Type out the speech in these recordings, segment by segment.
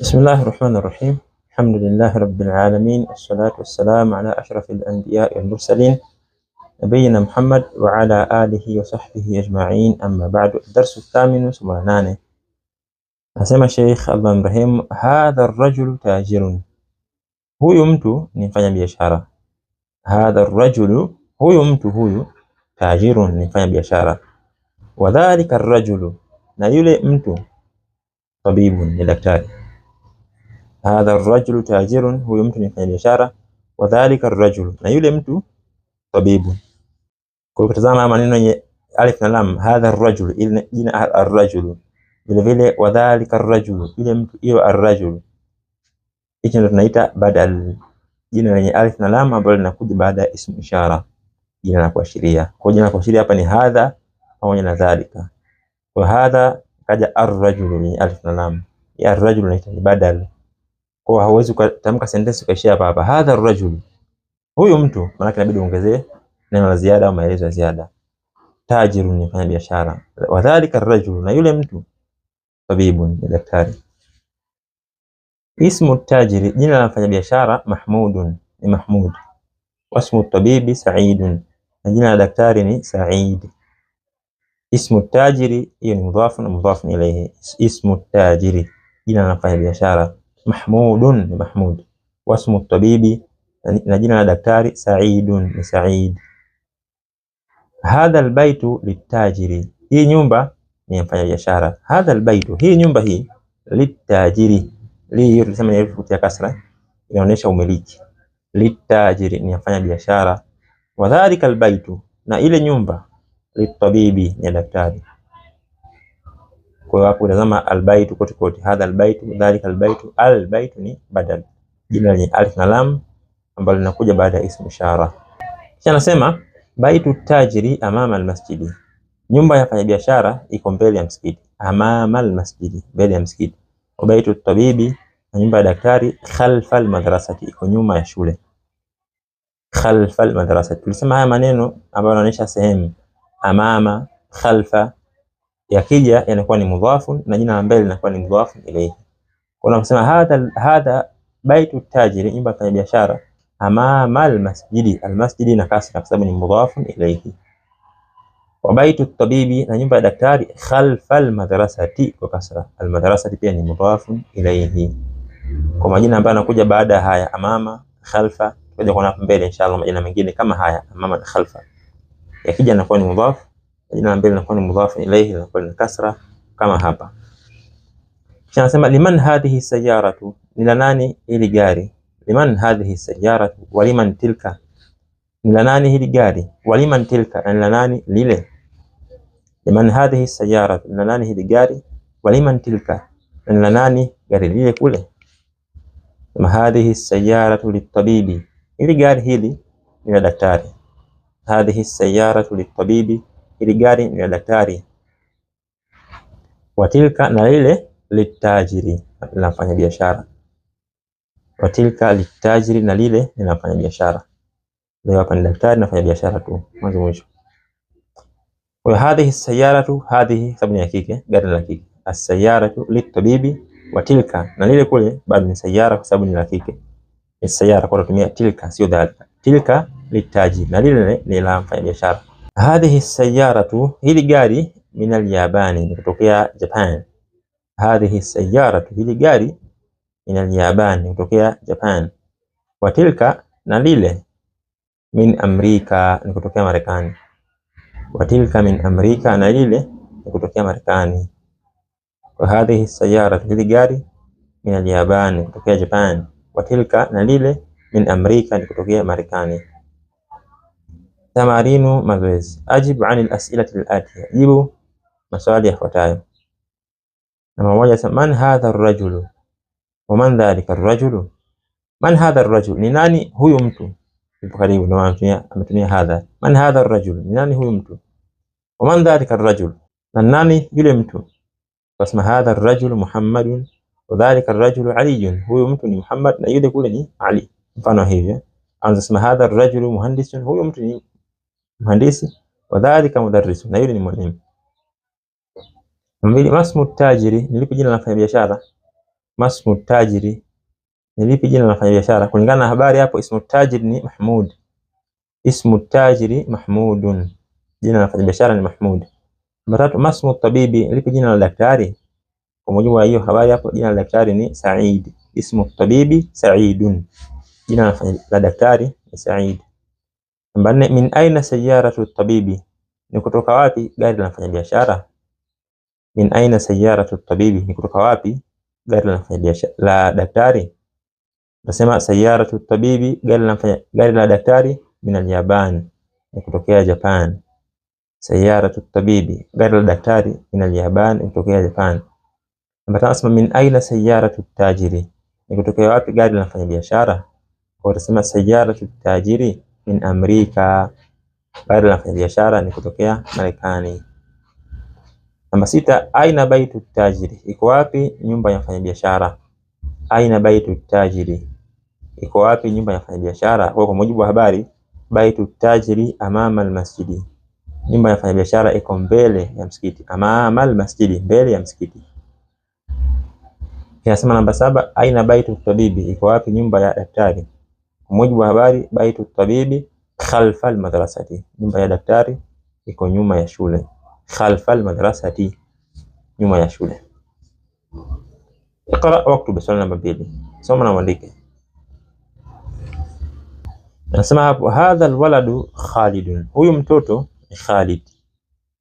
بسم الله الرحمن الرحيم الحمد لله رب العالمين الصلاة والسلام على أشرف الأنبياء والمرسلين نبينا محمد وعلى آله وصحبه أجمعين أما بعد الدرس الثامن سمعنانه أسمى الشيخ الله إبراهيم هذا الرجل تاجر هو يمتو نفايا بيشارة هذا الرجل هو يمتو هو تاجر نفايا بيشارة وذلك الرجل لا متو طبيب للأكتاري hadha ar-rajulu tajirun, huyu mtu ni mfanyabiashara. Wa dhalika ar-rajulu, na yule mtu tabibu. Kwa hiyo tazama maneno yenye alif na lam, hadha ar-rajulu, ile jina ar-rajulu, vile vile wa dhalika ar-rajulu, ile mtu hiyo ar-rajulu. Hicho ndio tunaita badal, jina lenye alif na lam ambalo linakuja baada ya ismu ishara, jina la kuashiria. Kwa jina la kuashiria hapa ni hadha pamoja na dhalika. Kwa hadha kaja ar-rajulu yenye alif na lam, ya ar-rajulu ni badal kwa hauwezi kutamka sentensi ukaishia hapa hapa, hadha rajul, huyu mtu, maana inabidi uongezee neno la ziada au maelezo ya ziada. Tajirun ni mfanya biashara, wadhalika rajul, na yule mtu, tabibun ni daktari. Ismu tajiri, jina la mfanyabiashara, mahmudun ni Mahmud. Wasmu tabibi saidun, na jina la daktari ni Said. Ismu tajiri, hiyo ni mudhafu na mudhafu ilayhi. Ismu tajiri, jina la mfanyabiashara Mahmudun ni Mahmud, wasmu tabibi na jina la daktari, Saidun ni Said. Hadha albaitu litajiri, hii nyumba ni mfanya biashara. Hadha albaitu, hii nyumba hii, litajiri, li hiyo tulisema ni elfu ya kasra, inaonyesha umiliki. Litajiri ni mfanya biashara. Wadhalika albaitu, na ile nyumba, litabibi ni daktari kwa hiyo hapo unatazama albaitu kote kote, hadha albaitu, dhalika albaitu. Albaitu ni badal, jina lenye alif na lam ambalo linakuja baada ya ismu ishara. Kisha anasema baitu tajiri amama almasjidi, nyumba ya fanya biashara iko mbele ya msikiti. Amama almasjidi, mbele ya msikiti. Baitu tabibi, na nyumba ya daktari. Khalfa almadrasati, iko nyuma ya shule. Khalfa almadrasati, tulisema haya maneno ambayo yanaonyesha sehemu, amama, khalfa yakija yanakuwa ni mudhafu na jina la mbele linakuwa ni mudhafu ilayhi. Kwa unamsema hadha hadha baitu tajiri, nyumba ya biashara. ama mal masjidi, al masjidi na kasra kwa sababu ni mudhafu ilayhi. Wa baitu tabibi, na nyumba ya daktari. Khalfa madrasati kwa kasra, al madrasati pia ni mudhafu ilayhi. Kwa majina ambayo yanakuja baada ya haya, amama, khalfa, tutakuja kuna hapo mbele inshallah majina mengine kama haya, amama na khalfa, yakija yanakuwa ni mudhafu jina la mbili linakuwa ni mudhafu ilayhi, linakuwa ni kasra kama hapa. Kisha anasema liman hadhihi sayaratu, ni la nani hili gari? Liman hadhihi sayaratu, waliman tilka, ni la nani hili gari? Wa tilka, ni la nani lile? Liman hadhihi sayaratu, ni la nani hili gari? Wa tilka, ni la nani gari lile kule? Hadhihi sayaratu litabibi, hili gari hili ni la daktari. Hadhihi sayaratu litabibi ili gari ni la daktari. Watilka, na lile litajiri, linafanya biashara. Watilka litajiri, na lile linafanya biashara. Leo hapa ni daktari na biashara tu, mwanzo mwisho. Wa hadhihi sayaratu, hadhihi sabuni ya kike, gari la kike. Asayaratu litabibi, watilka, na lile kule bado ni sayara kwa sababu ni la kike. Ni sayara kwa kutumia tilka, sio dhalika. Tilka litajiri, na lile ni la mfanya biashara. Hadhihi sayaratu, hili gari. Min alyabani, ni kutokea Japan. Hadhihi sayaratu, hili gari. Min alyabani, ni kutokea Japan. Wa tilka, na lile. Min amrika, ni kutokea Marekani. Wa tilka min amrika, na lile ni kutokea Marekani. Wa hadhihi sayaratu, hili gari. Min alyabani, ni kutokea Japan. Wa tilka, na lile. Min amrika, ni kutokea Marekani. تمارين مزويز أجب عن الأسئلة الآتية يبو مسؤال يفتاي نما وجس من هذا الرجل ومن ذلك الرجل من هذا الرجل نناني هو يمتو يبخاريب نما هذا من هذا الرجل نناني هو يمتو ومن ذلك الرجل نناني يلمتو واسم هذا الرجل محمد وذلك الرجل علي هو يمتني محمد نيد كلني علي فانا هي أن اسم هذا الرجل مهندس هو يمتني mhandisi, wadhalika mudarrisu, na yule ni mwalimu. Mbili, masmu tajiri, nilipi jina la biashara? Masmu tajiri, nilipi jina la biashara? Kulingana na habari hapo, ismu tajiri ni Mahmud. Ismu tajiri Mahmudun, jina la biashara ni Mahmud. Namba tatu, masmu tabibi, nilipi jina la daktari. Kwa mujibu wa hiyo habari hapo, jina la daktari ni Said. Ismu tabibi Saidun, jina la daktari ni Said. Namba nne, min aina sayaratu tabibi, ni kutoka wapi gari la mfanyabiashara? Min aina sayaratu tabibi, ni kutoka wapi gari la mfanyabiashara la daktari? Nasema sayaratu tabibi, gari la mfanya gari la daktari, min alyaban, ni kutokea Japan. Sayaratu tabibi, gari la daktari, min alyaban, ni kutokea Japan. Namba tano, nasema min aina sayaratu tajiri, ni kutokea wapi gari la mfanyabiashara? Kwa utasema sayaratu tajiri min Amerika, gari la biashara ni kutokea Marekani. Namba sita, aina baitu tajiri, iko wapi nyumba ya mfanyabiashara? Aina baitu tajiri, iko wapi nyumba ya mfanyabiashara? Kwa mujibu wa habari, baitu tajiri amama almasjidi, nyumba ya mfanyabiashara iko mbele ya msikiti. Amama almasjidi, mbele ya msikiti. Inasema namba saba, aina baitu tabibi, iko wapi nyumba ya daktari? Kwa mujibu wa habari, baitu tabibi khalfal madrasati, nyumba ya daktari iko nyuma ya shule. Khalfal madrasati, nyuma ya shule. Iqra waktub, swali namba mbili. Soma na mwandike. Nasema hapo hadha alwaladu Khalidun, huyu mtoto ni Khalid.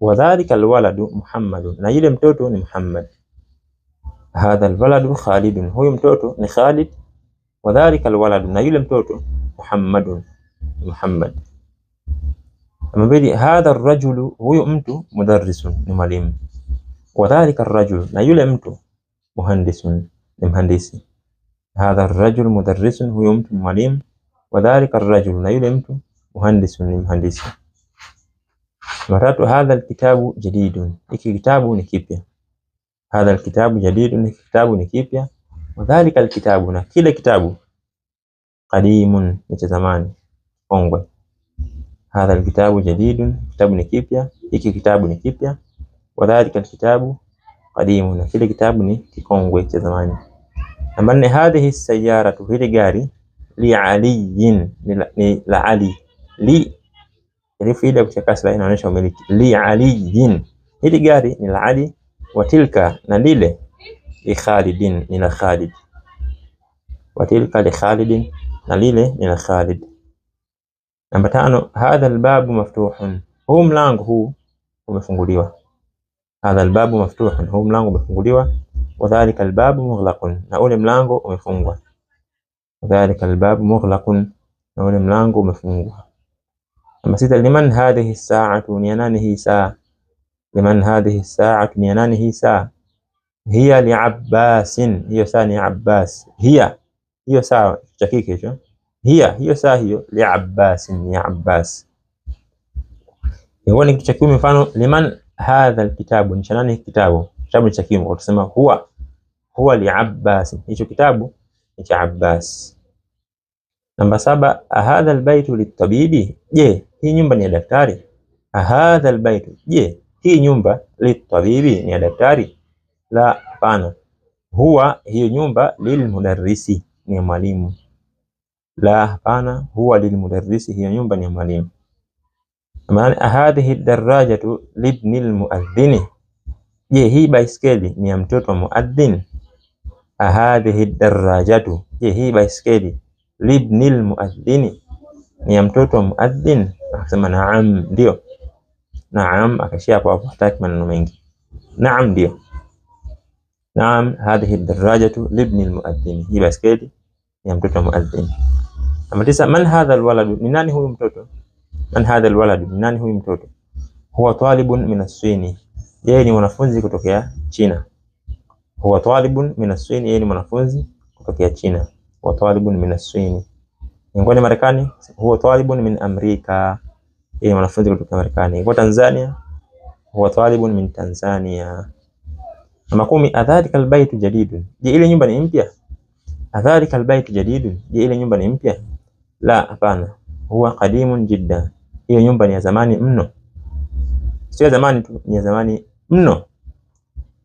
Wadhalika alwaladu Muhammadun, na yule mtoto ni Muhammad. Hadha alwaladu Khalidun, huyu mtoto ni Khalid. Wadhalika alwaladu, na yule mtoto Muhammadun, Muhammad. mbili, hadha arrajulu, huyu mtu mudarrisun, ni mwalimu. Wadhalika arrajulu, na yule mtu muhandisun, ni mhandisi. Hadha arrajulu mudarrisun, huyu mtu mwalimu. Wadhalika arrajulu, na yule mtu muhandisun, ni mhandisi. Namba hadha alkitabu jadidun, hiki kitabu ni kipya. Hadha alkitabu jadidun, hiki kitabu ni kipya. Wadhalika alkitabu, na kile kitabu qadimun, ni cha zamani kongwe. Hadha alkitabu jadidun, kitabu ni kipya. Hiki kitabu ni kipya. Wadhalika alkitabu qadimu, na kile kitabu ni kikongwe cha zamani. Namba nne, hadhihi sayaratu, hili gari. Li aliyin, ni la Ali. Li herufi ile ya kutia kasra inaonyesha umiliki. Li aliyin, hili gari ni la Ali. Watilka, na lile لخالد من خالد وتلك لخالد نليلة من خالد نبتانو هذا الباب مفتوح هو ملانغ هو ومفنغوليوة هذا الباب مفتوح هو ملانغ ومفنغوليوة وذلك الباب مغلق نقول ملانغ ومفنغوة وذلك الباب مغلق نقول ملانغ ومفنغوة أما سيدة لمن هذه الساعة هي ساعة لمن هذه الساعة هي ساعة hiya li Abbasin, hiyo saa ni Abbas. Hiya hiyo saa cha kike hicho, hiya hiyo saa hiyo, li Abbasin ni Abbas. Ni kitu cha kiume, mfano liman hadha alkitabu, ni cha nani kitabu? Kitabu cha kiume, utasema huwa huwa li Abbasin, hicho kitabu ni cha Abbas. Namba saba, ahadha albaytu litabibi, je hii nyumba ni ya daktari? Ahadha albaytu, je hii nyumba litabibi ni ya daktari? la hapana. Huwa hiyo nyumba lilmudarrisi, ni mwalimu. La hapana, huwa lilmudarrisi, hiyo nyumba ni mwalimu. Maana hadhihi darajatu libni almuadhdhini, je, hii baiskeli ni ya mtoto wa muadhdhin. Hadhihi darajatu, je, hii baiskeli libni almuadhdhini, ni ya mtoto wa muadhdhin. Akasema naam, ndio. Naam, akaishia hapo, hataki maneno mengi. Naam, ndio Naam, hadhihi darajatu libni almuadhdhin, hii basketi ya mtoto muadhdhin. Namba tisa, man hadha alwaladu, ni nani huyu mtoto? Man hadha alwaladu, ni nani huyu mtoto? Huwa talibun min aswini, yeye ni mwanafunzi kutokea China. Huwa talibun min aswini, yeye ni mwanafunzi kutokea China. Huwa talibun min aswini, sini ingoni Marekani. Huwa talibun min Amerika, yeye ni mwanafunzi kutokea Marekani. Kwa Tanzania, huwa talibun min Tanzania Namba kumi, adhalika albaytu jadidun, je ile nyumba ni mpya? Adhalika albaytu jadidun, je ile nyumba ni mpya? La, hapana. Huwa qadimun jiddan, hiyo nyumba ni ya zamani mno. Sio ya zamani tu, ni ya zamani mno.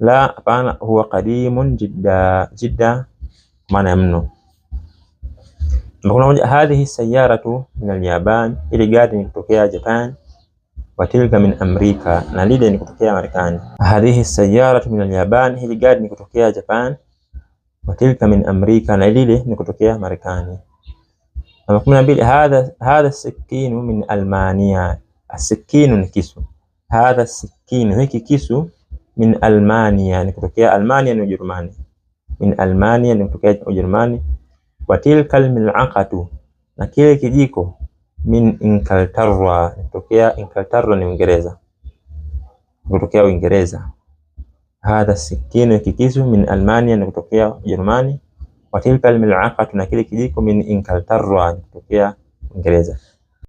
La, hapana. Huwa qadimun jidda, jidda maana ya mno. hadhihi sayaratu min alyaban, ile gari ni kutokea Japan watilka min amrika na lile ni kutokea Marekani. Hadhihi sayaratu min alyaban, hili gari ni kutokea Japan. Watilka min amrika na lile ni kutokea Marekani. Namba kumi na mbili hadha hadha sikinu min Almania, asikinu ni kisu. Hadha sikinu, hiki kisu min Almania ni kutokea Almania ni Ujerumani. Min Almania ni kutokea Ujerumani. Watilka almil'aqatu, na kile kijiko min Inkaltarra, tokea Inkaltarra ni Uingereza, nikutokea Uingereza. Hadha sikinu kikisu, min Almania, nikutokea Ujerumani. Watilka almil'aqatu, na kile kijiko, min Inkaltarra, nikutokea Uingereza.